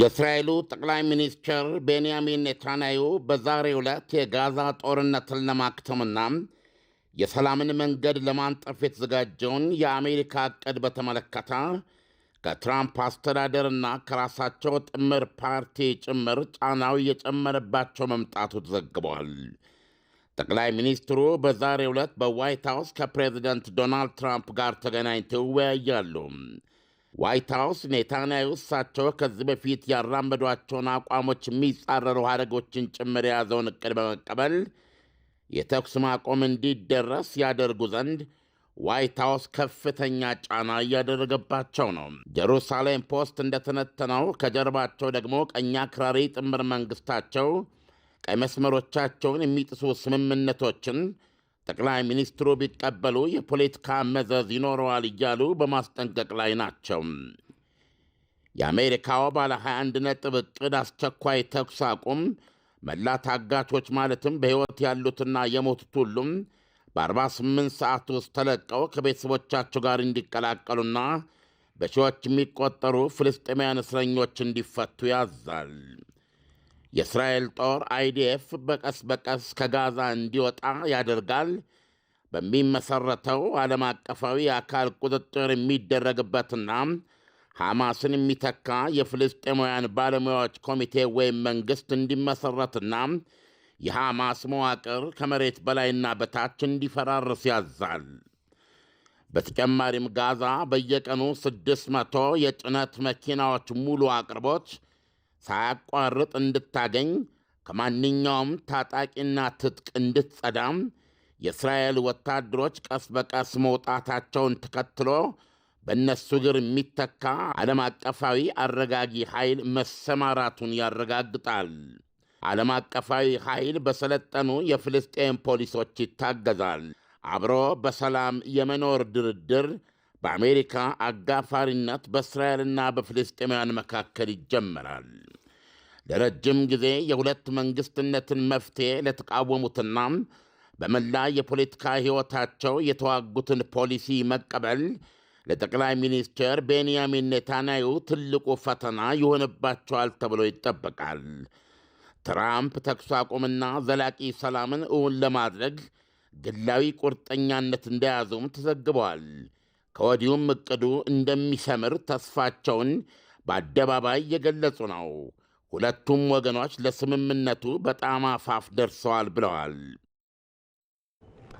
የእስራኤሉ ጠቅላይ ሚኒስትር ቤንያሚን ኔታንያሁ በዛሬ ዕለት የጋዛ ጦርነትን ለማክተምና የሰላምን መንገድ ለማንጠፍ የተዘጋጀውን የአሜሪካ ዕቅድ በተመለከተ ከትራምፕ አስተዳደርና ከራሳቸው ጥምር ፓርቲ ጭምር ጫናው እየጨመረባቸው መምጣቱ ተዘግቧል። ጠቅላይ ሚኒስትሩ በዛሬ ዕለት በዋይት ሃውስ ከፕሬዚደንት ዶናልድ ትራምፕ ጋር ተገናኝተው ይወያያሉ። ዋይት ሀውስ ኔታንያሁ እሳቸው ከዚህ በፊት ያራመዷቸውን አቋሞች የሚጻረሩ ሀረጎችን ጭምር የያዘውን እቅድ በመቀበል የተኩስ ማቆም እንዲደረስ ያደርጉ ዘንድ ዋይት ሀውስ ከፍተኛ ጫና እያደረገባቸው ነው። ጀሩሳሌም ፖስት እንደተነተነው ከጀርባቸው ደግሞ ቀኝ አክራሪ ጥምር መንግሥታቸው ቀይ መስመሮቻቸውን የሚጥሱ ስምምነቶችን ጠቅላይ ሚኒስትሩ ቢቀበሉ የፖለቲካ መዘዝ ይኖረዋል እያሉ በማስጠንቀቅ ላይ ናቸው። የአሜሪካው ባለ 21 ነጥብ ዕቅድ አስቸኳይ ተኩስ አቁም መላ ታጋቾች ማለትም በሕይወት ያሉትና የሞቱት ሁሉም በ48 ሰዓት ውስጥ ተለቀው ከቤተሰቦቻቸው ጋር እንዲቀላቀሉና በሺዎች የሚቆጠሩ ፍልስጤማውያን እስረኞች እንዲፈቱ ያዛል። የእስራኤል ጦር አይዲኤፍ በቀስ በቀስ ከጋዛ እንዲወጣ ያደርጋል። በሚመሰረተው ዓለም አቀፋዊ አካል ቁጥጥር የሚደረግበትና ሐማስን የሚተካ የፍልስጤማውያን ባለሙያዎች ኮሚቴ ወይም መንግሥት እንዲመሠረትና የሐማስ መዋቅር ከመሬት በላይና በታች እንዲፈራርስ ያዛል። በተጨማሪም ጋዛ በየቀኑ ስድስት መቶ የጭነት መኪናዎች ሙሉ አቅርቦት ሳያቋርጥ እንድታገኝ ከማንኛውም ታጣቂና ትጥቅ እንድትጸዳም የእስራኤል ወታደሮች ቀስ በቀስ መውጣታቸውን ተከትሎ በእነሱ እግር የሚተካ ዓለም አቀፋዊ አረጋጊ ኃይል መሰማራቱን ያረጋግጣል። ዓለም አቀፋዊ ኃይል በሰለጠኑ የፍልስጤን ፖሊሶች ይታገዛል። አብሮ በሰላም የመኖር ድርድር በአሜሪካ አጋፋሪነት በእስራኤልና በፍልስጤማውያን መካከል ይጀመራል። ለረጅም ጊዜ የሁለት መንግሥትነትን መፍትሔ ለተቃወሙትና በመላ የፖለቲካ ሕይወታቸው የተዋጉትን ፖሊሲ መቀበል ለጠቅላይ ሚኒስትር ቤንያሚን ኔታንያሁ ትልቁ ፈተና ይሆንባቸዋል ተብሎ ይጠበቃል። ትራምፕ ተኩስ አቁምና ዘላቂ ሰላምን እውን ለማድረግ ግላዊ ቁርጠኛነት እንደያዙም ተዘግበዋል። ከወዲሁም እቅዱ እንደሚሰምር ተስፋቸውን በአደባባይ የገለጹ ነው። ሁለቱም ወገኖች ለስምምነቱ በጣም አፋፍ ደርሰዋል ብለዋል።